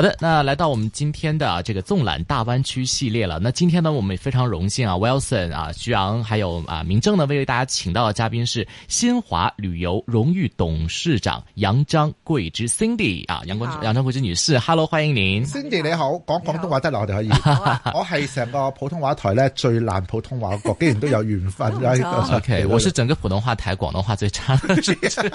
好的，那來到我們今天的這個縱覽大灣區系列了。那今天呢，我們也非常榮幸啊，Wilson、well、啊，徐昂還有啊，明正呢，為大家請到的嘉賓是新華旅遊榮譽董事長楊章桂芝 Cindy 啊，楊光楊章桂芝女士，Hello，歡迎您。Cindy 你好，講廣東話得啦好，我哋可以。我係成個普通話台呢，最爛普通話個，竟然都有緣分啦。O K，我是整個普通話台廣、 okay, 東話最差。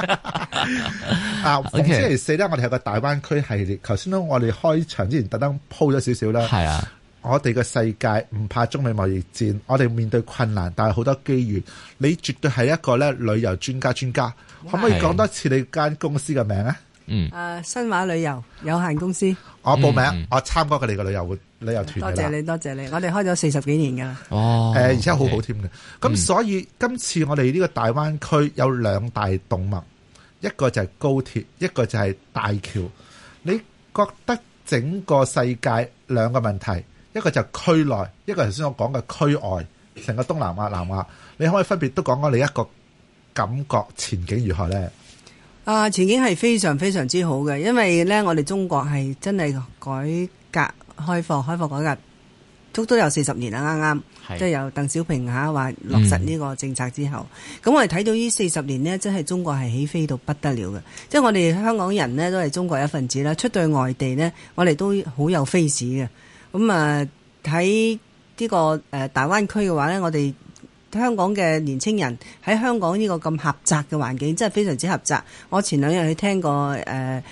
啊，星期四呢，我哋係個大灣區系列，頭先呢，我哋。開場之前特登鋪咗少少啦。係啊，我哋嘅世界唔怕中美貿易戰，我哋面對困難，但係好多機遇。你絕對係一個咧旅遊專家，專家、啊、可唔可以講多次你間公司嘅名啊？嗯，誒新華旅遊有限公司。我報名，嗯嗯、我參加佢哋嘅旅遊旅遊團。多謝你，多謝你。我哋開咗四十幾年噶，哦，誒而且好好添嘅。咁所以、嗯、今次我哋呢個大灣區有兩大動脈，一個就係高鐵，一個就係大橋。你覺得整個世界兩個問題，一個就區內，一個頭先我講嘅區外，成個東南亞、南亞，你可唔可以分別都講講你一個感覺前景如何呢？啊、呃，前景係非常非常之好嘅，因為呢，我哋中國係真係改革開放，開放改革，足足有四十年啦，啱啱。即係由鄧小平嚇話落實呢個政策之後，咁、嗯、我哋睇到呢四十年呢，真係中國係起飛到不得了嘅。即係我哋香港人呢，都係中國一份子啦。出到外地呢，我哋都好有 face 嘅。咁啊喺呢個誒、呃、大灣區嘅話呢，我哋香港嘅年青人喺香港呢個咁狹窄嘅環境，真係非常之狹窄。我前兩日去聽過誒、呃、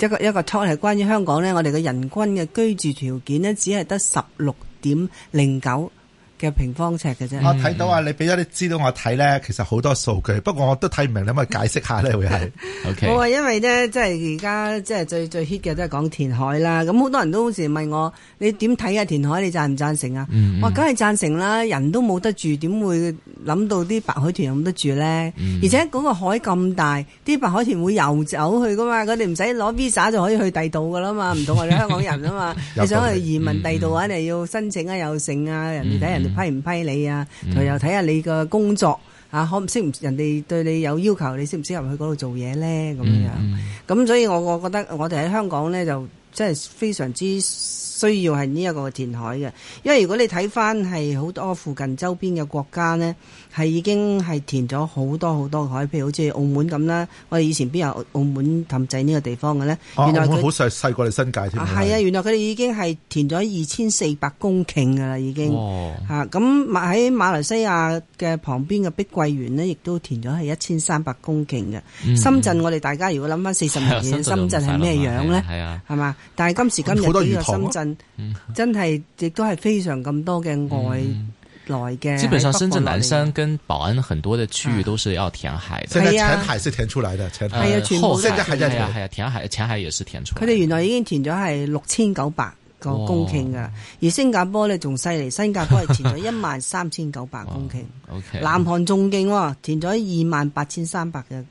一個一個 talk 係關於香港呢，我哋嘅人均嘅居住條件呢，只係得十六點零九嘅平方尺嘅啫、mm hmm.，我睇到啊，你俾咗，啲資料我睇咧，其實好多數據，不過我都睇唔明，你可解釋下咧？會係，我話因為咧，即係而家即係最最 h i t 嘅都係講填海啦。咁好多人都好似問我，你點睇啊？填海你贊唔贊成啊？我梗係贊成啦，人都冇得住，點會諗到啲白海豚有得住咧？Mm hmm. 而且嗰個海咁大，啲白海豚會游走去噶嘛？佢哋唔使攞 visa 就可以去第度噶啦嘛？唔同我哋香港人啊嘛， 你想去移民第度啊，你要申請啊，又剩啊，人哋等、mm hmm. 人，人、mm。Hmm. 批唔批你啊？佢又睇下你嘅工作嚇，可唔適唔人哋對你有要求，你適唔適合去嗰度做嘢呢？咁 樣，咁所以我我覺得我哋喺香港呢，就真係非常之需要係呢一個填海嘅，因為如果你睇翻係好多附近周邊嘅國家呢。係已經係填咗好多好多海，譬如好似澳門咁啦。我哋以前邊有澳門氹仔呢個地方嘅咧？原來佢好細細過你新界添。係啊，原來佢哋已經係填咗二千四百公頃嘅啦，已經嚇。咁喺馬來西亞嘅旁邊嘅碧桂園呢，亦都填咗係一千三百公頃嘅。深圳，我哋大家如果諗翻四十年前深圳係咩樣咧？係啊，係嘛？但係今時今日呢個深圳真係亦都係非常咁多嘅愛。來嘅，基本上深圳南山跟寶安很多嘅區域都是要填海。嘅、啊，現在前海是填出來的，後海、啊、現在還在填、哎啊、填海，填海填海也是填出來。佢哋原來已經填咗係六千九百個公頃噶，哦、而新加坡呢仲犀利，新加坡係填咗一萬三千九百公頃。 哦、o okay K，南韓仲勁，填咗二萬八千三百嘅。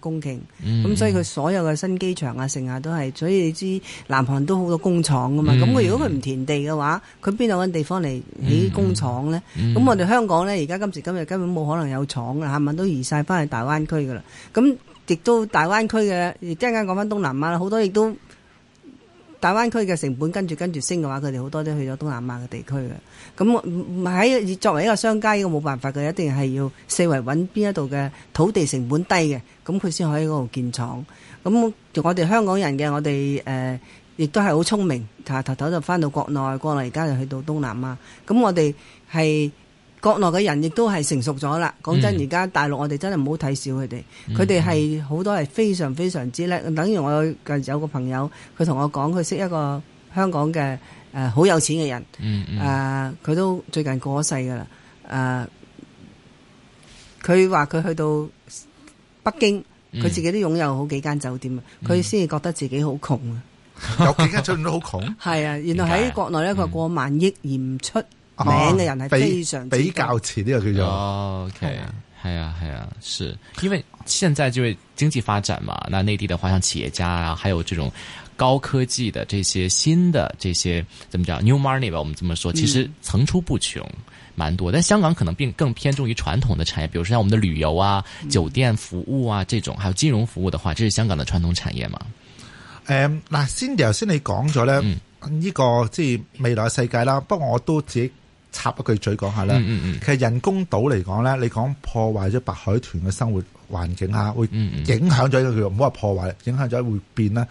供應，咁、嗯、所以佢所有嘅新機場啊，剩下都係，所以你知南韓都好多工廠噶嘛，咁佢、嗯、如果佢唔填地嘅話，佢邊度揾地方嚟起工廠咧？咁、嗯嗯、我哋香港咧，而家今時今日根本冇可能有廠啦，係咪？都移晒翻去大灣區噶啦，咁亦都大灣區嘅，亦陣間講翻東南亞好多亦都。大灣區嘅成本跟住跟住升嘅話，佢哋好多都去咗東南亞嘅地區嘅。咁喺作為一個商家，呢個冇辦法嘅，一定係要四圍揾邊一度嘅土地成本低嘅，咁佢先可以喺嗰度建廠。咁我哋香港人嘅，我哋誒、呃、亦都係好聰明，頭頭就翻到國內，過嚟而家就去到東南亞。咁我哋係。國內嘅人亦都係成熟咗啦。講真，真，而家大陸我哋真係唔好睇小佢哋，佢哋係好多係非常非常之叻。等於我近有個朋友，佢同我講，佢識一個香港嘅，誒好有錢嘅人，誒佢、嗯嗯呃、都最近過世噶啦。誒、呃，佢話佢去到北京，佢自己都擁有好幾間酒店，佢先至覺得自己好窮啊。有幾間酒店都好窮。係啊，然後喺國內呢，佢過萬億而唔出。嗯名嘅人係非常、哦、比較錢呢個叫做、oh，OK，係啊係啊，是因為現在就係經濟發展嘛，那內地的話，像企業家啊，還有這種高科技的這些新的這些，怎麼講，new money 吧，我們這麼說，其實層出不窮，蠻多。嗯、但香港可能更偏重於傳統的產業，比如說像我們的旅遊啊、酒店服務啊這種，還有金融服務的話，這是香港的傳統產業嘛。誒，嗱，先頭先你講咗呢，呢、嗯呢個即係未來世界啦，不過我都自己。插一句嘴講下啦，嗯嗯、其實人工島嚟講咧，你講破壞咗白海豚嘅生活環境吓，嗯嗯、會影響咗一個叫唔好話破壞，影響咗會變啦，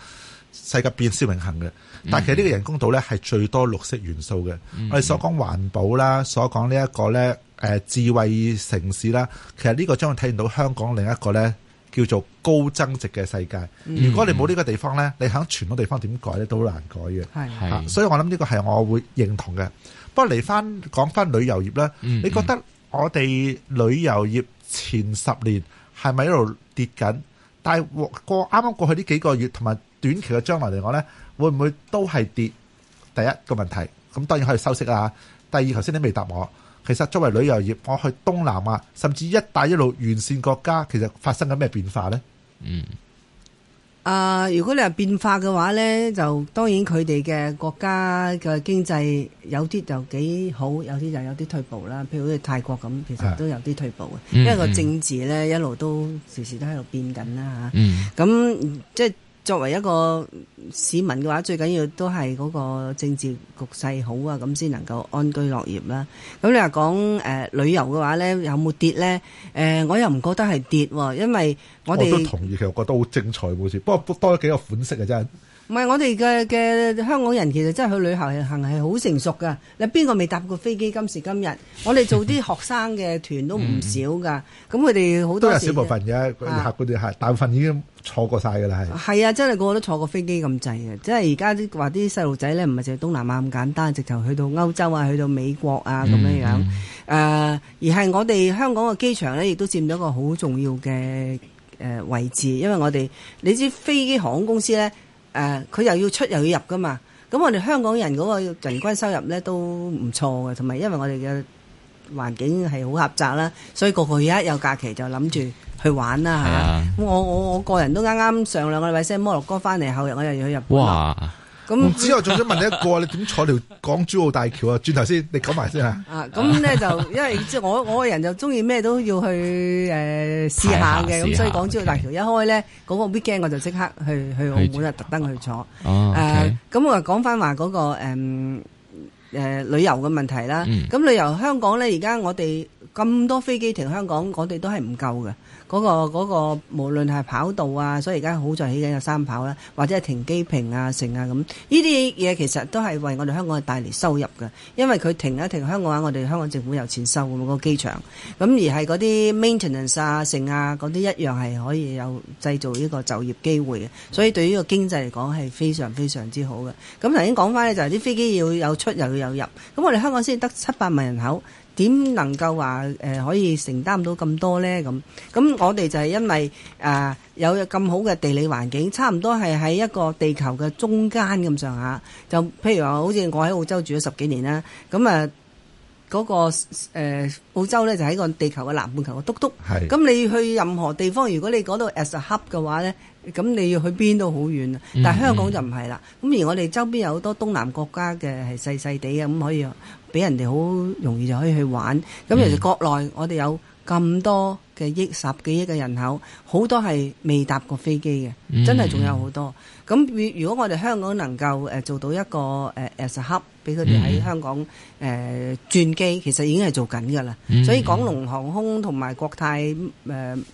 世界變是永恆嘅。嗯、但係其實呢個人工島咧係最多綠色元素嘅，嗯、我哋所講環保啦，所講呢一個咧，誒智慧城市啦，其實呢個將會體現到香港另一個咧叫做高增值嘅世界。嗯嗯、如果你冇呢個地方咧，你喺全個地方點改咧都好難改嘅。係，所以我諗呢個係我會認同嘅。不過嚟翻講翻旅遊業啦，嗯嗯你覺得我哋旅遊業前十年係咪一路跌緊？但係過啱啱過去呢幾個月同埋短期嘅將來嚟講呢，會唔會都係跌？第一個問題，咁當然可以收息啦。第二，頭先你未答我，其實作為旅遊業，我去東南亞甚至一帶一路沿線國家，其實發生緊咩變化呢？嗯。啊、呃，如果你係變化嘅話咧，就當然佢哋嘅國家嘅經濟有啲就幾好，有啲就有啲退步啦。譬如好似泰國咁，其實都有啲退步嘅，因為個政治咧一路都時時都喺度變緊啦吓。咁、嗯啊嗯、即係。作為一個市民嘅話，最緊要都係嗰個政治局勢好啊，咁先能夠安居樂業啦、啊。咁你話講誒旅遊嘅話咧，有冇跌咧？誒、呃，我又唔覺得係跌、哦，因為我哋都同意，其實我覺得好精彩冇事。不過多咗幾個款式嘅真係。唔係我哋嘅嘅香港人，其實真係去旅行行係好成熟㗎。你邊個未搭過飛機？今時今日我哋做啲學生嘅團都唔少㗎。咁佢哋好多都係小部分嘅、啊、客、客，佢哋係大部分已經坐過晒㗎啦。係係啊，真係個個都坐過飛機咁滯嘅。即係而家都話啲細路仔呢，唔係淨係東南亞咁簡單，直頭去到歐洲啊，去到美國啊咁樣、嗯、樣。誒、嗯呃、而係我哋香港嘅機場呢，亦都佔咗一個好重要嘅誒位置，因為我哋你知飛機航空公司呢。誒佢，uh，又要出又要入噶嘛。咁我哋香港人嗰個人均收入呢都唔錯嘅，同埋因為我哋嘅環境係好狹窄啦，所以個個月一有假期就諗住去玩啦嚇。咁是、啊啊、我我個人都啱啱上兩個禮拜先摩洛哥翻嚟，後日我又要去日本哇。唔知之後仲想問你一個，你點坐條港珠澳大橋啊？轉頭先，你講埋先啊！啊，咁咧就因為即係我我個人就中意咩都要去誒試下嘅，咁所以港珠澳大橋一開咧，嗰個 weekend 我就即刻去去澳門啊，特登去坐。哦，咁我講翻話嗰個誒誒旅遊嘅問題啦。咁旅遊香港咧，而家我哋咁多飛機停香港，我哋都係唔夠嘅。嗰、那個嗰、那個無論係跑道啊，所以而家好在起緊個三跑啦、啊，或者係停機坪啊、城啊咁，呢啲嘢其實都係為我哋香港係帶嚟收入嘅，因為佢停一停，香港話我哋香港政府有錢收個個機場，咁而係嗰啲 maintenance 啊、城啊嗰啲一樣係可以有製造呢個就業機會嘅，所以對於個經濟嚟講係非常非常之好嘅。咁頭先講翻呢，就係、是、啲飛機要有出又要有入，咁我哋香港先得七百萬人口。點能夠話誒、呃、可以承擔到咁多呢？咁？咁我哋就係因為誒、呃、有咁好嘅地理環境，差唔多係喺一個地球嘅中間咁上下。就譬如話，好似我喺澳洲住咗十幾年啦，咁啊。呃嗰、那個、呃、澳洲咧就喺個地球嘅南半球嘅篤篤，咁是你去任何地方，如果你講到 as a hub 嘅話咧，咁你要去邊都好遠啊！嗯、但係香港就唔係啦，咁、嗯、而我哋周邊有好多東南國家嘅係細細地啊，咁可以俾人哋好容易就可以去玩。咁其實國內我哋有。咁多嘅億十幾億嘅人口，好多係未搭過飛機嘅，真係仲有好多。咁如果我哋香港能夠誒做到一個誒 as hub，俾佢哋喺香港誒轉機，其實已經係做緊㗎喇。所以港龍航空同埋國泰誒，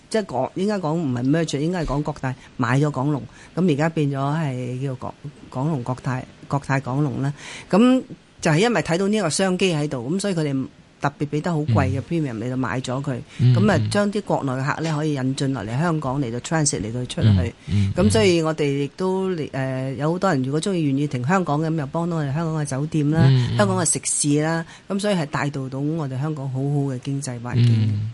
即係講應該講唔係 merger，應該係講國泰買咗港龍，咁而家變咗係叫港港龍國泰、國泰港龍啦。咁就係因為睇到呢個商機喺度，咁所以佢哋。特別俾得好貴嘅 premium 嚟到、嗯、買咗佢，咁啊將啲國內客咧可以引進落嚟香港嚟到 transit 嚟到出去，咁、嗯嗯、所以我哋亦都誒、呃、有好多人如果中意願意停香港咁又幫到我哋香港嘅酒店啦，嗯、香港嘅食肆啦，咁、嗯嗯、所以係帶動到我哋香港好好嘅經濟環境。嗯、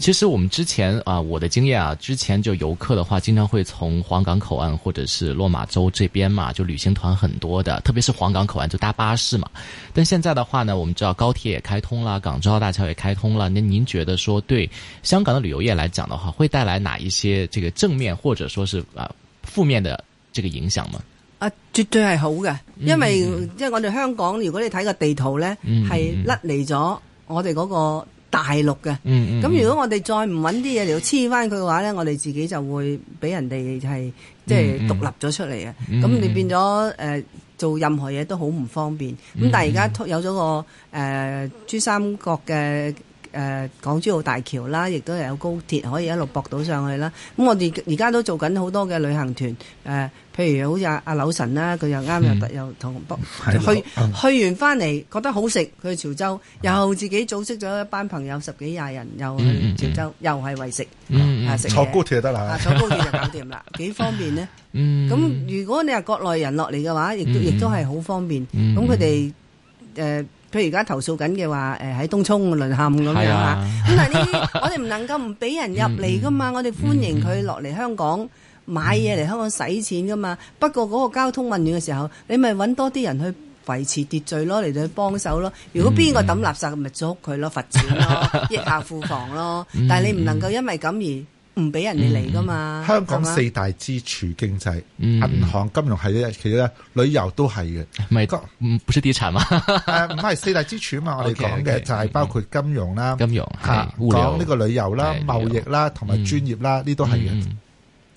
其實我哋之前啊，我嘅經驗啊，之前就遊客嘅話，經常會從皇崗口岸或者是落馬洲這邊嘛，就旅行團很多嘅，特別是皇崗口岸就搭巴士嘛。但現在嘅話呢，我哋知道高鐵也開通啦。港珠澳大橋也開通了，那您覺得說對香港的旅遊業來講的話，會帶來哪一些這個正面或者說是啊負面的這個影響嗎？啊，絕對係好嘅，因為即係、嗯、我哋香港，如果你睇個地圖呢，係、嗯嗯、甩離咗我哋嗰個大陸嘅，咁、嗯嗯嗯、如果我哋再唔搵啲嘢嚟到黐翻佢嘅話呢，我哋自己就會俾人哋係即獨立咗出嚟嘅，咁你變咗。做任何嘢都好唔方便，咁、嗯嗯、但係而家有咗個誒珠、呃、三角嘅。誒港珠澳大橋啦，亦都有高鐵可以一路駁到上去啦。咁我哋而家都做緊好多嘅旅行團，誒，譬如好似阿柳神啦，佢又啱又得又同駁去去完翻嚟覺得好食，佢去潮州又自己組織咗一班朋友十幾廿人又去潮州，又係為食，食。坐高鐵就得啦，坐高鐵就搞掂啦，幾方便呢？咁如果你係國內人落嚟嘅話，亦都亦都係好方便。咁佢哋誒。譬如而家投訴緊嘅話，誒、呃、喺東涌淪陷咁樣吓，咁是、啊、但係呢，我哋唔能夠唔俾人入嚟噶嘛， 嗯、我哋歡迎佢落嚟香港買嘢嚟香港使錢噶嘛。不過嗰個交通混亂嘅時候，你咪揾多啲人去維持秩序咯，嚟到去幫手咯。如果邊個抌垃圾，咪捉佢咯，罰錢咯，益 下庫房咯。但係你唔能夠因為咁而，唔俾人哋嚟噶嘛？香港四大支柱經濟，銀行、金融係一，其實咧，旅遊都係嘅。咪講唔唔出地產嘛？誒，唔係四大支柱啊嘛？我哋講嘅就係包括金融啦，金融吓，講呢個旅遊啦、貿易啦、同埋專業啦，呢都係嘅。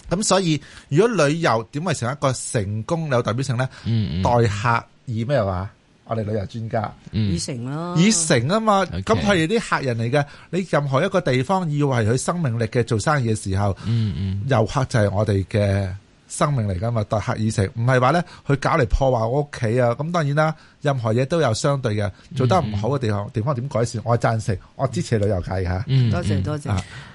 咁所以，如果旅遊點成為一個成功有代表性咧？待客以咩話？我哋旅遊專家，嗯、以誠咯、啊，以誠啊嘛，咁譬如啲客人嚟嘅，okay，你任何一個地方，以為佢生命力嘅做生意嘅時候，嗯嗯、遊客就係我哋嘅生命嚟噶嘛，待客以誠，唔係話咧，佢搞嚟破壞我屋企啊，咁當然啦，任何嘢都有相對嘅，做得唔好嘅地方，嗯、地方點改善，我贊成，我支持旅遊界嚇、嗯嗯嗯，多謝多謝。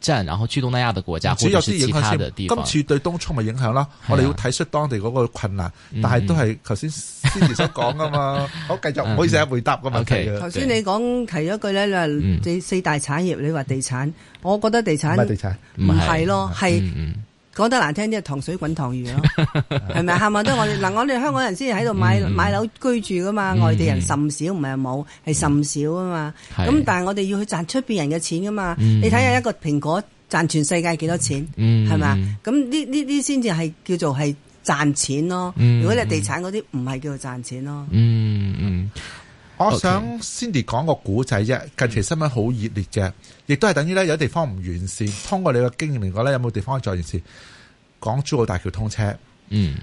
戰然後去東南亞的國家，或者其他的地方。今次對東涌咪影響咯，我哋要睇出當地嗰個困難，但係都係頭先先至先講㗎嘛。好，繼續，唔好意思，日回答個問題。頭先你講提咗句咧，你話四大產業，你話地產，我覺得地產唔係地產，唔係咯，係。講得難聽啲啊，係、糖水滾糖魚咯，係咪？係咪？都我哋嗱，我哋香港人先至喺度買、嗯、買樓居住噶嘛，嗯、外地人甚少，唔係冇，係甚少啊嘛。咁、嗯、但係我哋要去賺出邊人嘅錢噶嘛？嗯、你睇下一個蘋果賺全世界幾多錢，係咪、嗯？咁呢呢啲先至係叫做係賺錢咯。嗯嗯、如果你地產嗰啲唔係叫做賺錢咯。嗯嗯。嗯我想先嚟講個古仔啫，近期新聞好熱烈嘅，亦都係等於咧有啲地方唔完善。通過你嘅經驗嚟講咧，有冇地方再完善？港珠澳大橋通車，嗯。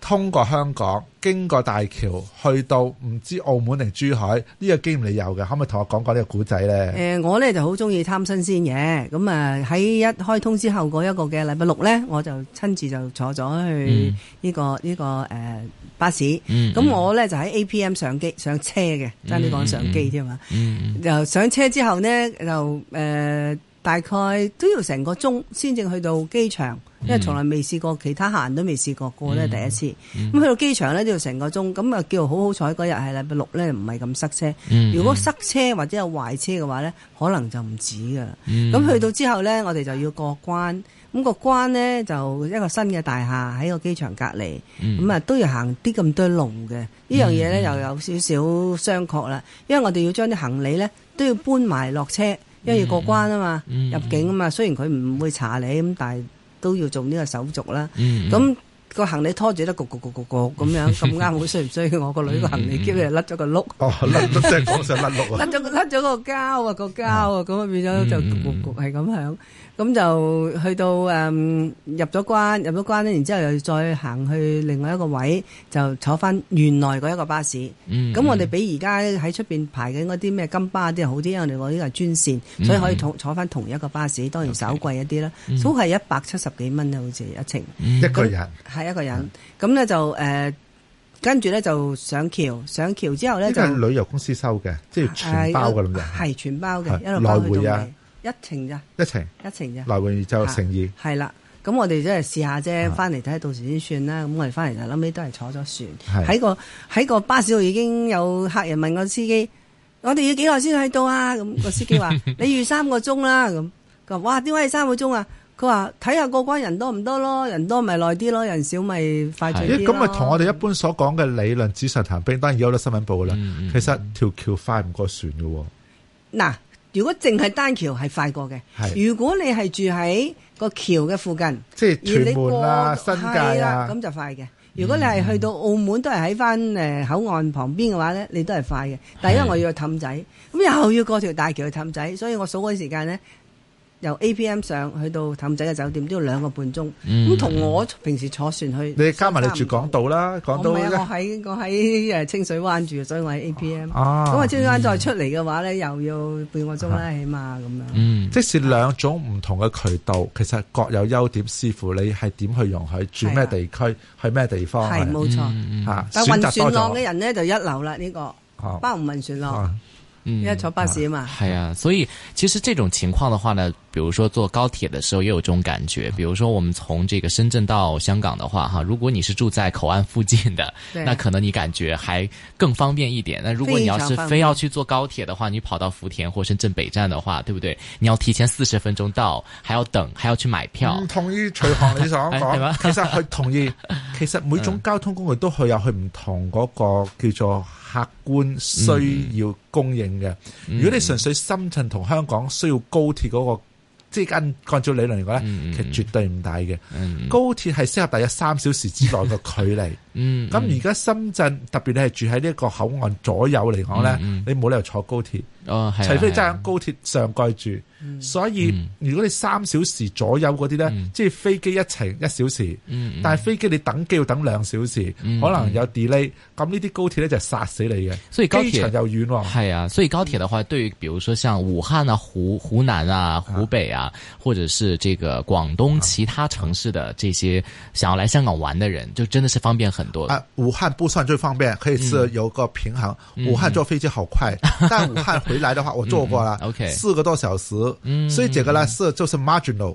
通過香港，經過大橋，去到唔知澳門定珠海，呢、這個經驗你有嘅，可唔可以同我講講呢個古仔咧？誒、呃，我咧就好中意貪新鮮嘢，咁啊喺一開通之後嗰一個嘅禮拜六咧，我就親自就坐咗去呢、這個呢、嗯這個誒、這個呃、巴士。咁、嗯嗯、我咧就喺 A P M 上機上車嘅，爭啲講上機添。嘛、嗯。嗯嗯、就上車之後呢，就誒。呃大概都要成個鐘先至去到機場，因為從來未試過，其他客人都未試過,過，個咧第一次。咁、嗯嗯、去到機場咧都要成個鐘，咁啊叫好好彩嗰日係拜六咧唔係咁塞車。嗯嗯、如果塞車或者有壞車嘅話咧，可能就唔止噶啦。咁、嗯、去到之後咧，我哋就要過關，咁、那個關咧就一個新嘅大廈喺個機場隔籬，咁啊、嗯、都要行啲咁多路嘅、嗯、呢樣嘢咧，又、嗯嗯、有少少傷確啦。因為我哋要將啲行李咧都要搬埋落車。因為要過關啊嘛，嗯、入境啊嘛，雖然佢唔會查你咁，但係都要做呢個手續啦。咁個、嗯、行李拖住得焗焗焗焗焗咁 樣，咁啱好衰唔衰我個女個行李箧佢甩咗個碌？哦，甩甩即係講甩碌啊！甩咗甩咗個膠啊個膠啊，咁啊變咗就焗焗係咁、嗯、樣。咁就、嗯嗯、去到誒、嗯、入咗關，入咗關呢，然之後又再行去另外一個位，就坐翻原來嗰一個巴士。嗯，咁我哋比而家喺出邊排緊嗰啲咩金巴啲好啲，因為我哋我呢個係專線，所以可以坐坐翻同一個巴士。當然稍貴一啲啦，都係一百七十幾蚊啊，好似一程、嗯、那一個人，係一個人。咁呢、嗯、就誒，跟住呢，就上橋，上橋之後即係旅遊公司收嘅，即、就、係、是、全包嘅咁樣，係、啊、全包嘅，一路來回、啊。一程咋？一程，一程咋？嗱，原就乘二係啦。咁、啊、我哋真係試下啫，翻嚟睇下，到時先算啦。咁我哋翻嚟就諗屘都係坐咗船，喺是的 個喺個巴士度已經有客人問個司機：我哋要幾耐先去到啊？咁個司機話： 你預三個鐘啦。咁佢話哇，點解三個鐘啊？佢話睇下過關人多唔多咯，人多咪耐啲咯，人少咪快。咦？咁咪同我哋一般所講嘅理論紙上談兵，當然有得新聞報噶啦。的其實條橋快唔過船噶。嗱。啊。如果淨係單橋係快過嘅，如果你係住喺個橋嘅附近，即係屯門啊、新界啊，咁就快嘅。如果你係去到澳門都係喺翻誒口岸旁邊嘅話咧，你都係快嘅。但係因為我要去氹仔，咁是又要過條大橋去氹仔，所以我數嗰啲時間咧。由 A P M 上去到氹仔嘅酒店都要兩個半鐘，咁同我平時坐船去，你加埋你住港島啦，港島我唔係，我喺我喺誒清水灣住，所以我喺 A P M。咁我清水灣再出嚟嘅話咧，又要半個鐘啦，起碼咁樣。即使兩種唔同嘅渠道，其實各有優點，視乎你係點去，容許住咩地區，去咩地方。係冇錯，但係運船浪嘅人呢，就一流啦，呢個包唔運船浪？因為坐巴士啊嘛。係啊，所以其實這種情況嘅話呢。比如說坐高鐵的時候也有這種感覺，比如說我們從這個深圳到香港的話，哈，如果你是住在口岸附近的，對那可能你感覺還更方便一點。那如果你要是非要去坐高鐵的話，你跑到福田或深圳北站的話，對不對？你要提前四十分鐘到，還要等，還要去買票。唔同意隨行 你所講，其實係同意，其實每種交通工具都去有去唔同嗰個叫做客觀需要供應嘅。嗯嗯、如果你純粹深圳同香港需要高鐵嗰、那個。即係按照理論嚟講咧，嗯、其實絕對唔大嘅。嗯、高鐵係適合大約三小時之內嘅距離。咁而家深圳特別你係住喺呢個口岸左右嚟講咧，嗯嗯、你冇理由坐高鐵。除非真係喺高鐵上蓋住，嗯、所以如果你三小時左右嗰啲呢，嗯、即係飛機一程一小時，嗯嗯、但係飛機你等機要等兩小時，嗯嗯、可能有 delay，咁呢啲高鐵呢，就殺死你嘅。所以機場又遠，係啊，所以高鐵嘅話，對，比如說像武漢啊、湖湖南啊、湖北啊，啊或者是這個廣東其他城市的這些想要嚟香港玩的人，就真的是方便很多。啊，武漢不算最方便，可以是有個平衡。嗯、武漢坐飛機好快，但武漢。 回來的話，我做過了，OK，四個多小時，嗯嗯 okay，所以這個呢，是就是 marginal。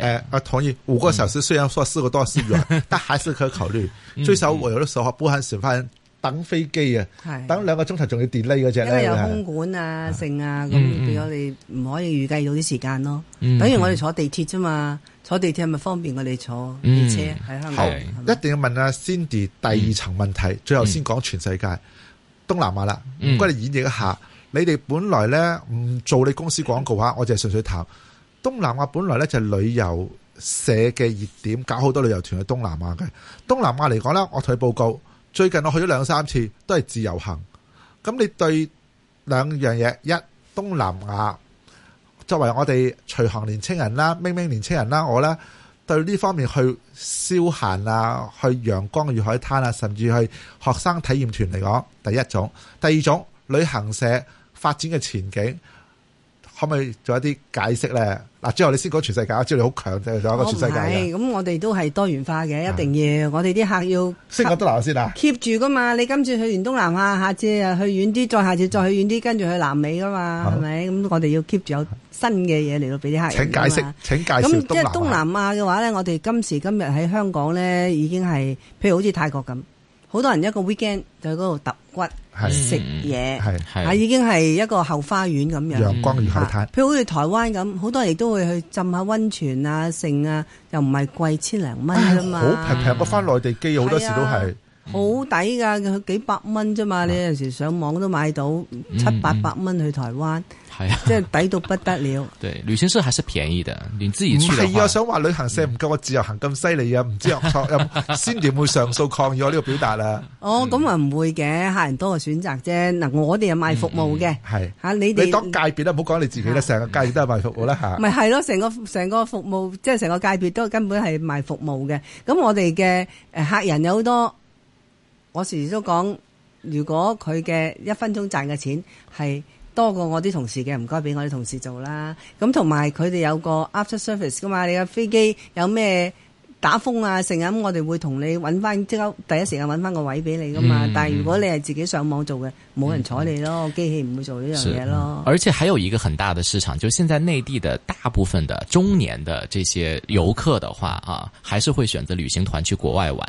誒，我同意五個小時，雖然說四個多小時，但還是可考慮。最少我有的時候不很喜歡等飛機啊，等兩個鐘頭仲要 delay 呢嗰隻咧，因為有空管啊、剩啊，咁我哋唔可以預計到啲時間咯。等於我哋坐地鐵啫嘛，坐地鐵係咪方便我哋坐。而且係咪？好，一定要問阿 Cindy 第二層問題，最後先講全世界東南亞啦。唔該，你演繹一下。你哋本來咧唔做你公司廣告啊，我就係純粹談。東南亞本來咧就係旅遊社嘅熱點，搞好多旅遊團去東南亞嘅。東南亞嚟講咧，我睇報告，最近我去咗兩三次，都係自由行。咁你對兩樣嘢，一東南亞作為我哋隨行年青人啦、明明年青人啦，我咧對呢方面去消閒啊、去陽光與海灘啊，甚至去學生體驗團嚟講，第一種，第二種旅行社發展嘅前景。可唔可以做一啲解釋咧？嗱，之後你先講全世界，之後你好強就一個全世界嘅。咁我哋都係多元化嘅，一定要我哋啲客要。先講東南亞先啦。keep 住噶嘛，你今次去完東南亞，下次啊去遠啲，再下次再去遠啲，跟住去南美噶嘛，係咪？咁我哋要 keep 住有新嘅嘢嚟到俾啲客人。請解釋，請介紹。咁即係東南亞嘅話咧，我哋今時今日喺香港咧已經係，譬如好似泰國咁，好多人一個 weekend 就喺嗰度揼骨。係食嘢，係係已經係一個後花園咁樣，陽光與海灘。譬如好似台灣咁，好多人亦都會去浸下溫泉啊、勝啊，又唔係貴，千零蚊啫嘛，好平，平過翻內地機，好多時都係，好抵噶，佢、嗯、幾百蚊啫嘛，你有陣時上網都買到、嗯、七八百蚊去台灣。嗯嗯係， 即係抵到不得了。 對，旅行社還是便宜的，你自己唔係又想話旅行社唔夠我自由行咁犀利啊？唔知錯又 先點會上訴抗議我呢個表達啦？哦，咁啊唔會嘅，客人多個選擇啫。嗱、啊，我哋係賣服務嘅，係吓你哋。你，你當界別啦，唔好講你自己啦，成、啊、個界別都係賣服務啦吓。咪係咯，成個成個服務，即係成個界別都根本係賣服務嘅。咁我哋嘅誒客人有好多，我時時都講，如果佢嘅一分鐘賺嘅錢係。多過我啲同事嘅，唔該俾我啲同事做啦。咁同埋佢哋有，有個 after service 噶嘛，你嘅飛機有咩打風啊成啊，咁我哋會同你揾翻，即刻第一時間揾翻個位俾你噶嘛。嗯、但係如果你係自己上網做嘅，冇人睬你咯，機、嗯、器唔會做呢樣嘢咯。而且還有一個很大的市場，就現在內地的大部分的中年的這些遊客的話啊，還是會選擇旅行團去國外玩。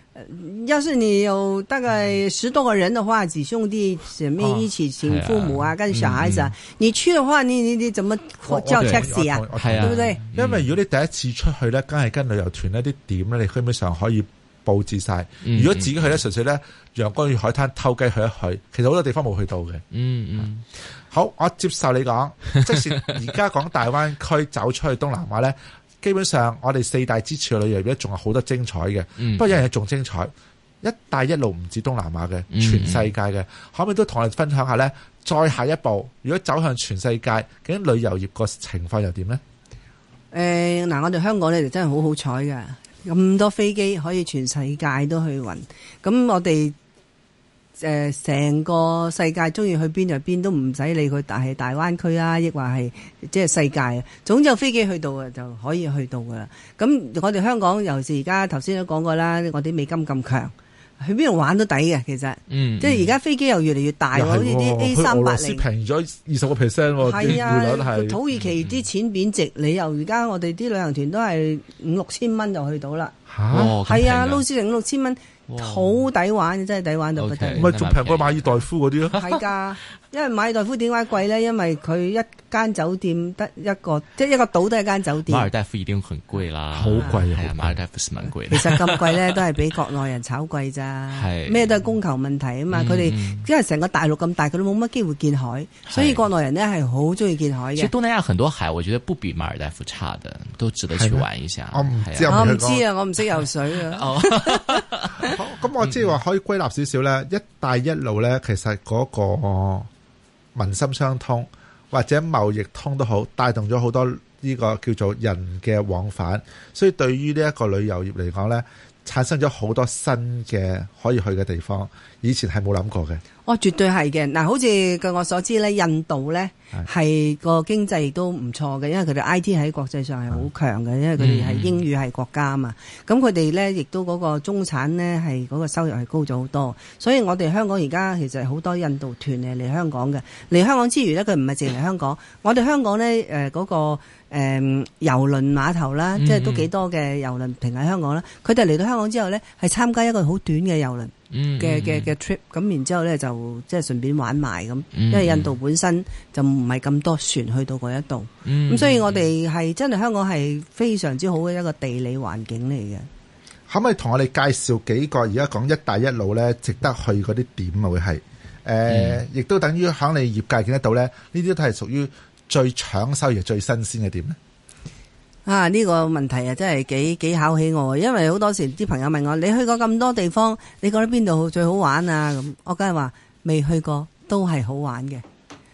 要是你有大概十多個人的話，幾兄弟姊妹一起，請父母啊，跟小孩子啊，哦啊嗯、你去的話，你你你怎麼叫 taxi 啊？係，對不對？啊嗯、因為如果你第一次出去呢，梗係跟旅遊團咧，啲點呢，你基本上可以布置晒。嗯嗯、如果自己去呢，純粹呢，陽光與海灘偷雞去一去，其實好多地方冇去到嘅，嗯。嗯嗯、啊，好，我接受你講， 即係而家講大灣區走出去東南亞呢。基本上，我哋四大支柱旅遊業仲有好多精彩嘅。Mm hmm. 不過一樣係仲精彩，一帶一路唔止東南亞嘅，全世界嘅。Mm hmm. 可唔可以都同我哋分享下呢？再下一步，如果走向全世界，究竟旅遊業個情況又點呢？誒、呃，嗱、呃，我哋香港咧就真係好好彩㗎，咁多飛機可以全世界都去運。咁我哋。誒，成、呃、個世界中意去邊就邊，都唔使理佢。但係大灣區啊，亦話係即係世界、啊，總之有飛機去到啊，就可以去到噶啦。咁我哋香港尤其是而家頭先都講過啦，我啲美金咁強，去邊度玩都抵嘅。其實，嗯、即係而家飛機又越嚟越大好似啲 A 三百零平咗二十個 percent 喎，匯率、啊、 土耳其啲錢貶值，嗯、你又而家我哋啲旅行團都係五六千蚊就去到啦。嚇，係啊，攞住五六千蚊。好抵玩，真係抵玩到嘅，唔係仲平過馬爾代夫嗰啲咯。係㗎。 因為馬爾代夫點解貴咧？因為佢一間酒店得一個，即係一個島都係間酒店。馬爾代夫已經很貴啦，好貴，馬爾代夫是蠻貴。其實咁貴咧，都係俾國內人炒貴咋，咩都係供求問題啊嘛。佢哋因為成個大陸咁大，佢都冇乜機會見海，所以國內人咧係好中意見海嘅。其實東南亞很多海，我覺得不比馬爾代夫差嘅，都值得去玩一下。我唔知啊，我唔識游水啊。好，咁我即係話可以歸納少少咧，一帶一路咧，其實嗰個。民心相通，或者貿易通都好，帶動咗好多呢個叫做人嘅往返，所以對於呢一個旅遊業嚟講呢，產生咗好多新嘅可以去嘅地方。以前係冇諗過嘅，哦，絕對係嘅。嗱，好似據我所知咧，印度咧係個經濟都唔錯嘅，因為佢哋 IT 喺國際上係好強嘅，的因為佢哋係英語係國家嘛。咁佢哋咧亦都嗰個中產咧係嗰個收入係高咗好多。所以我哋香港而家其實好多印度團嚟嚟香港嘅。嚟香港之餘呢，佢唔係淨嚟香港， 我哋香港呢，誒、呃、嗰、那個誒遊、呃、輪碼頭啦，嗯、即係都幾多嘅遊輪停喺香港啦。佢哋嚟到香港之後呢，係參加一個好短嘅遊輪。嘅、嘅、嘅 trip，咁然之後咧就即係順便玩埋咁，因為印度本身就唔係咁多船去到嗰一度，咁、mm hmm. 所以我哋係真係香港係非常之好嘅一個地理環境嚟嘅。可唔可以同我哋介紹幾個而家講一帶一路咧值得去嗰啲點啊？會係誒，mm hmm. 亦都等於喺你業界見得到咧。呢啲都係屬於最搶手而最新鮮嘅點咧。啊！呢個問題啊，真係幾幾考起我，因為好多時啲朋友問我，你去過咁多地方，你覺得邊度最好玩啊？咁我梗係話未去過，都係好玩嘅。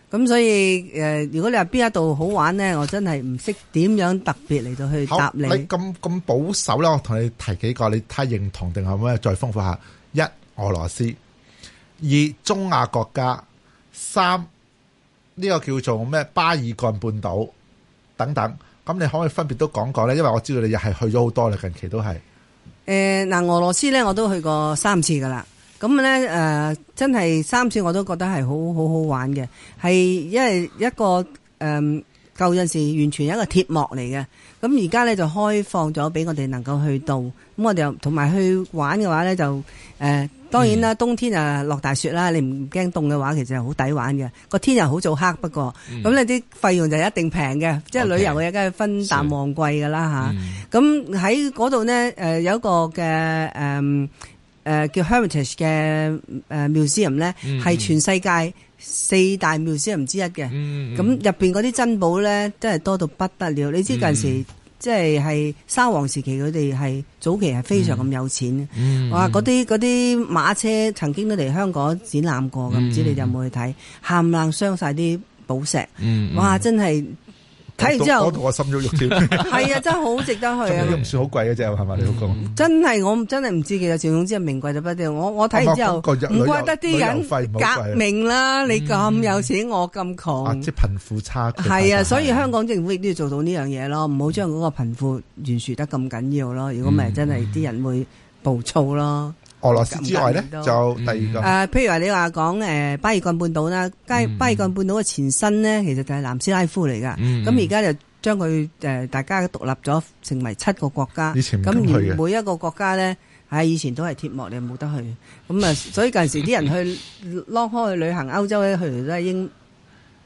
咁所以誒、呃，如果你話邊一度好玩呢，我真係唔識點樣特別嚟到去答你。咁咁保守啦，我同你提幾個，你睇認同定係咩？再豐富下：一俄羅斯，二中亞國家，三呢個叫做咩？巴爾幹半島等等。咁你可唔可以分別都講講呢，因為我知道你又係去咗好多啦，近期都係。誒嗱，俄羅斯呢，我都去過三次噶啦，咁呢誒真係三次我都覺得係好好好玩嘅，係因為一個誒舊陣時完全一個鐵幕嚟嘅，咁而家呢就開放咗俾我哋能夠去到，咁我哋又同埋去玩嘅話呢就誒。當然啦，冬天啊落大雪啦，你唔唔驚凍嘅話，其實係好抵玩嘅。個天又好早黑，不過咁你啲費用就一定平嘅，即係 Okay, 旅遊嘅嘢梗係分淡旺季嘅啦吓，咁喺嗰度呢，誒有一個嘅誒誒叫 Hermitage 嘅誒 Museum 咧，係全世界四大 Museum 之一嘅。咁入邊嗰啲珍寶咧，真係多到不得了。你知嗰陣時。即係係沙皇時期，佢哋係早期係非常咁有錢，哇、嗯！嗰啲啲馬車曾經都嚟香港展覽過嘅，唔知你哋有冇去睇？冚、嗯、冷傷晒啲寶石，嗯嗯、哇！真係～睇完之後，嗰度我心足喐跳，係啊，真係好值得去啊！都唔 算好貴嘅啫，係嘛？你講、嗯、真係，我真係唔知幾多錢。總之係名貴就不得我我睇完之後，唔、嗯嗯、怪得啲人革命啦！嗯、你咁有錢，我咁窮、啊，即係貧富差距。係啊，所以香港政府亦都要做到呢樣嘢咯，唔好將嗰個貧富懸殊得咁緊要咯。如果唔係，真係啲人會暴躁咯。俄羅斯之外咧，就、嗯、第二個。誒、啊，譬如話你話講誒巴爾幹半島啦，巴、呃、巴爾幹半島嘅、嗯、前身呢，其實就係南斯拉夫嚟㗎。咁而家就將佢誒、呃、大家獨立咗，成為七個國家。以前唔去嘅。咁而每一個國家呢，係、啊、以前都係鐵幕，你冇得去。咁啊，所以近時啲人去攞開 去旅行歐洲咧，去哋都係英。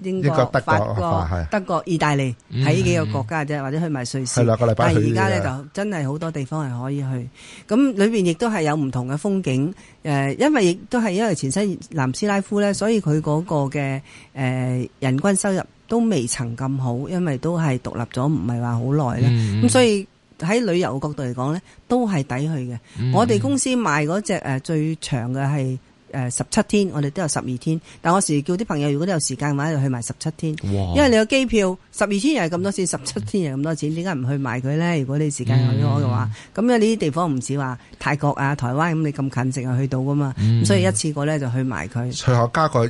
英國、國法國、德國、意大利，喺呢、嗯、幾個國家啫，或者去埋瑞士。嗯、但係而家咧就真係好多地方係可以去，咁裏邊亦都係有唔同嘅風景。誒、呃，因為亦都係因為前西南斯拉夫咧，所以佢嗰個嘅誒、呃、人均收入都未曾咁好，因為都係獨立咗，唔係話好耐咧。咁、嗯嗯、所以喺旅遊角度嚟講咧，都係抵去嘅。嗯、我哋公司賣嗰隻誒最長嘅係。誒，十七天我哋都有十二天，但我時叫啲朋友，如果你有時間嘅話，就去埋十七天，哇因為你個機票十二天又係咁多錢，十七天又咁多錢，點解唔去埋佢咧？如果你時間有咗嘅話，咁樣呢啲地方唔似話泰國啊、台灣咁，你咁近淨係去到噶嘛，所以一次過咧就去埋佢。隨後、嗯嗯、加個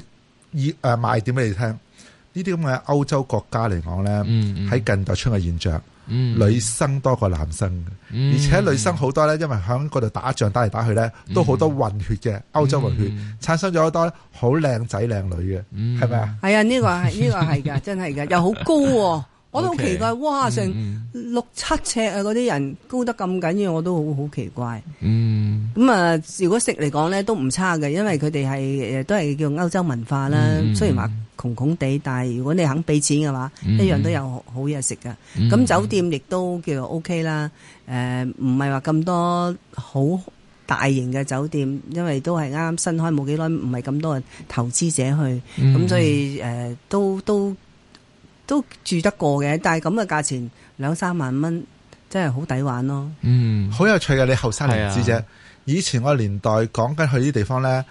以誒賣點俾你聽，呢啲咁嘅歐洲國家嚟講咧，喺、嗯嗯、近代出嘅現象。嗯、女生多過男生，嗯、而且女生好多咧，因為響嗰度打仗打嚟打去咧，都好多混血嘅歐、嗯、洲混血，產生咗好多好靚仔靚女嘅，係咪、嗯、吧啊？係、這個這個、啊，呢個係呢個係噶，真係噶，又好高。我都好奇怪，哇！成六七尺啊，嗰啲人高得咁緊要，我都好好奇怪。嗯，咁啊，如果食嚟講咧，都唔差嘅，因為佢哋係誒都係叫歐洲文化啦。嗯、雖然話窮窮地，但係如果你肯俾錢嘅話，嗯、一樣都有好嘢食噶。咁、嗯、酒店亦都叫做 OK 啦。誒、呃，唔係話咁多好大型嘅酒店，因為都係啱啱新開冇幾耐，唔係咁多嘅投資者去，咁、嗯嗯、所以誒都、呃、都。都都都住得過嘅，但係咁嘅價錢兩三萬蚊真係好抵玩咯。嗯，好有趣嘅，你後生唔知啫。啊、以前個年代講緊去啲地方咧，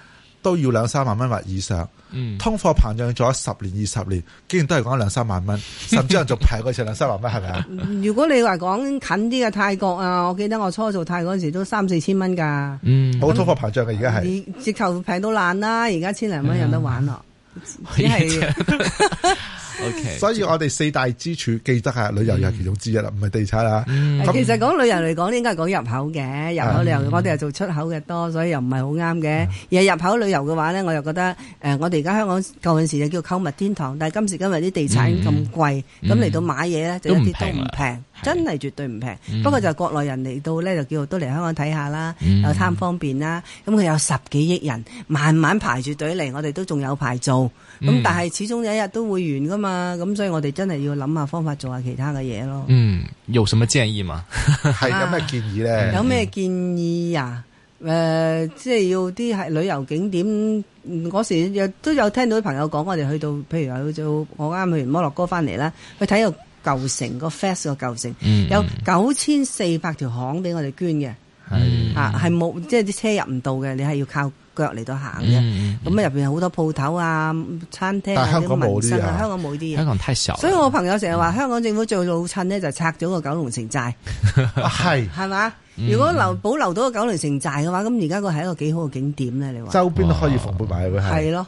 都要兩三萬蚊或以上。嗯，通貨膨脹咗十年二十年，竟然都係講兩三萬蚊，甚至乎仲平過前兩三萬蚊，係咪啊？如果你話講近啲嘅泰國啊，我記得我初做泰國嗰陣時都三四千蚊噶。嗯，好通貨膨脹嘅而家係。直頭平到爛啦，而家千零蚊有得玩咯，只係。Okay, 所以，我哋四大支柱，記得係旅遊又其中之一啦，唔係、嗯、地產啦。其實講旅遊嚟講，應該係講入口嘅，入口旅遊，我哋係做出口嘅多，所以又唔係好啱嘅。嗯、而係入口旅遊嘅話呢，我又覺得誒、呃，我哋而家香港舊陣時就叫購物天堂，但係今時今日啲地產咁貴，咁嚟、嗯嗯、到買嘢呢就一啲都唔平、嗯嗯嗯，真係絕對唔平。嗯、不過就國內人嚟到呢，就叫都嚟香港睇下啦，又貪方便啦。咁、啊、佢、嗯嗯嗯嗯嗯嗯嗯、有十幾億人，慢慢排住隊嚟，我哋都仲有排做。咁、嗯、但係始終有一日都會完噶嘛，咁、嗯、所以我哋真係要諗下方法做下其他嘅嘢咯。嗯，有什麼建議嘛？係、 啊、 有咩建議咧？ 有咩建議啊？誒、呃，即係要啲係旅遊景點嗰時又都有聽到啲朋友講，我哋去到譬如話去到我啱去完摩洛哥翻嚟啦，去睇個舊城個 fast 個舊城，城嗯、有九千四百條巷俾我哋捐嘅，係、嗯嗯、啊，係冇即係啲車入唔到嘅，你係要靠。腳嚟到行嘅，咁啊入邊有好多鋪頭啊、餐廳、啊。但係香港冇啊，啊，香港冇啲嘢。香港太少。所以我朋友成日話香港政府做老襯呢，就拆咗個九龍城寨。係、啊，係嘛？吧嗯、如果留保留到個九龍城寨嘅話，咁而家個係一個幾好嘅景點咧。你話周邊都可以復活埋嘅係。係咯哇。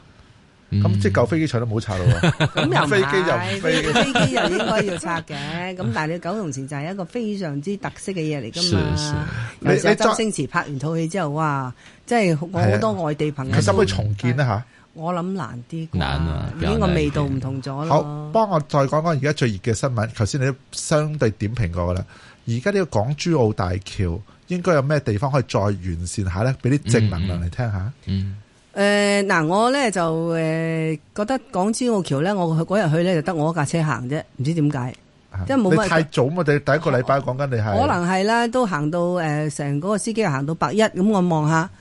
咁、嗯、即係舊飛機場都冇拆咯，咁 又唔係？飛機又唔飛，飛機又應該要拆嘅。咁 但係你九龍城就係一個非常之特色嘅嘢嚟噶嘛？是是你周，周星馳拍完套戲之後，哇！即係我好多外地朋友。可唔、啊、可以重建一啊？下我諗難啲，難啊，因為個味道唔同咗咯。好，幫我再講講而家最熱嘅新聞。頭先你都相對點評過噶啦，而家呢個港珠澳大橋應該有咩地方可以再完善下咧？俾啲正能量嚟聽下嗯。嗯。誒，嗱、呃，我咧就誒、呃、覺得港珠澳橋咧，我去嗰日去咧，就得我一架車行啫，唔知點解，啊、即係冇乜。你太早嘛？第只第一個禮拜講緊你係，嗯、可能係啦，都行到誒，成、呃、嗰個司機行到百一，咁我望下。嗯嗯。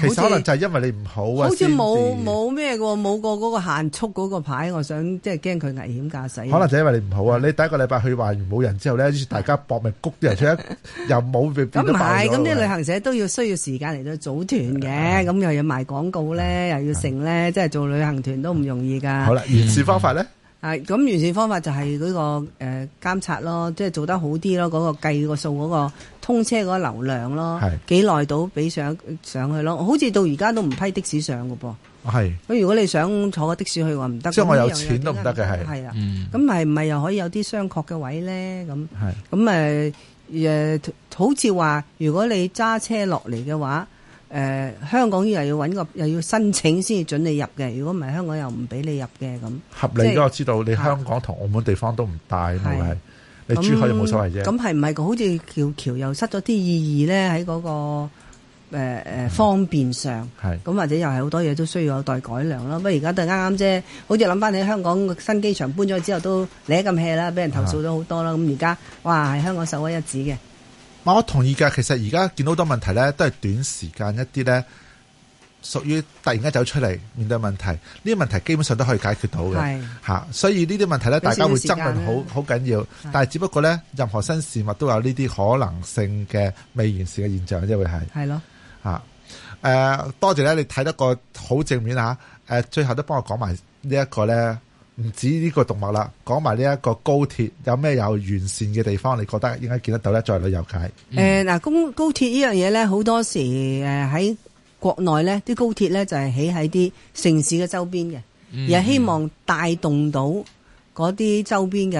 其實可能就係因為你唔好，啊。好似冇冇咩嘅，冇過嗰個限速嗰個牌，我想即係驚佢危險駕駛。可能就因為你唔好啊！你第一個禮拜去玩完冇人之後咧，大家搏命谷啲人出， 又冇咁唔係，咁啲 旅行社都要需要時間嚟到組團嘅，咁的又要賣廣告咧，的又要成咧，的即係做旅行團都唔容易噶。好啦，完善方法咧？啊，咁完善方法就係嗰個誒監察咯，即、就、係、是、做得好啲咯，嗰、那個計個數嗰個。通車嗰流量咯，幾耐到俾上上去咯？好似到而家都唔批的士上嘅噃。係是，咁如果你想坐的士去的話，話唔得。即係我有錢都唔得嘅係。係啊，咁係唔係又可以有啲商榷嘅位咧？咁，咁誒誒，好似話如果你揸車落嚟嘅話，誒、呃、香港又要揾個又要申請先至準你入嘅，如果唔係香港又唔俾你入嘅咁。合理嘅，嗯、我知道你香港同澳門地方都唔大係咪？是是你珠海又冇所謂啫。咁係唔係好似橋橋又失咗啲意義呢？喺嗰個誒方便上，係咁或者又係好多嘢都需要有待改良咯。不過而家都啱啱啫，好似諗翻起香港新機場搬咗之後都嘜咁 hea 啦，俾人投訴咗好多啦。咁而家哇係香港首屈一指嘅。我同意㗎，其實而家見到好多問題呢，都係短時間一啲呢。屬於突然間走出嚟面對問題，呢啲問題基本上都可以解決到嘅嚇是、啊。所以呢啲問題咧，大家會爭論好，好好緊要。但係只不過呢，任何新事物都有呢啲可能性嘅未完善嘅現象，即係會係。係咯嚇誒，多謝咧！你睇得個好正面嚇誒、啊，最後都幫我講埋呢一個呢，唔止呢個動物啦，講埋呢一個高鐵有咩有完善嘅地方？你覺得應該見得到呢？再旅遊界誒嗱，高高鐵呢樣嘢呢，好多時誒喺。國內呢啲高鐵呢，就係起喺啲城市嘅周邊嘅，而係希望帶動到嗰啲周邊嘅誒、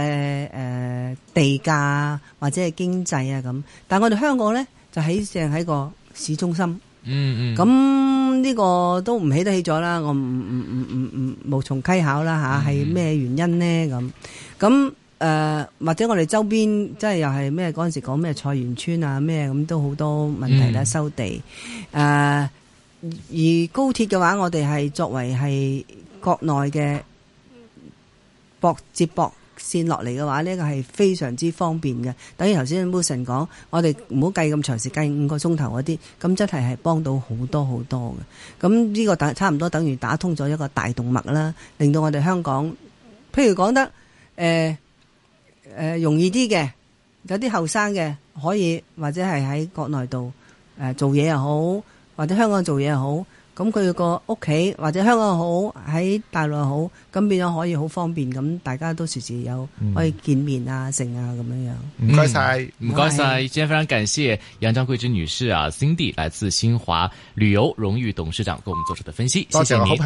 呃、地價或者係經濟啊咁。但係我哋香港呢，就喺正喺個市中心，嗯嗯。咁、嗯、呢個都唔起得起咗啦，我唔唔唔唔唔無從稽考啦嚇，係、啊、咩原因呢？咁，咁、呃、誒或者我哋周邊即係又係咩嗰陣時講咩菜園村啊咩咁都好多問題啦，收地誒。嗯呃而高鐵嘅話，我哋係作為係國內嘅接駁線落嚟嘅話，呢、這個係非常之方便嘅。等於頭先 m i l s o n 講，我哋唔好計咁長時間五個鐘頭嗰啲，咁真係係幫到好多好多嘅。咁呢個打差唔多等於打通咗一個大動脈啦，令到我哋香港，譬如講得誒誒、呃呃、容易啲嘅，有啲後生嘅可以或者係喺國內度誒做嘢又好。或者香港做嘢好，咁佢個屋企或者香港好喺大陸又好，咁變咗可以好方便，咁大家都時時有可以見面啊、剩啊咁樣樣。唔該晒，唔該晒，今日非常感謝楊章桂芝女士啊，Cindy 來自新華旅遊榮譽董事長，給我們做出的分析，謝謝你。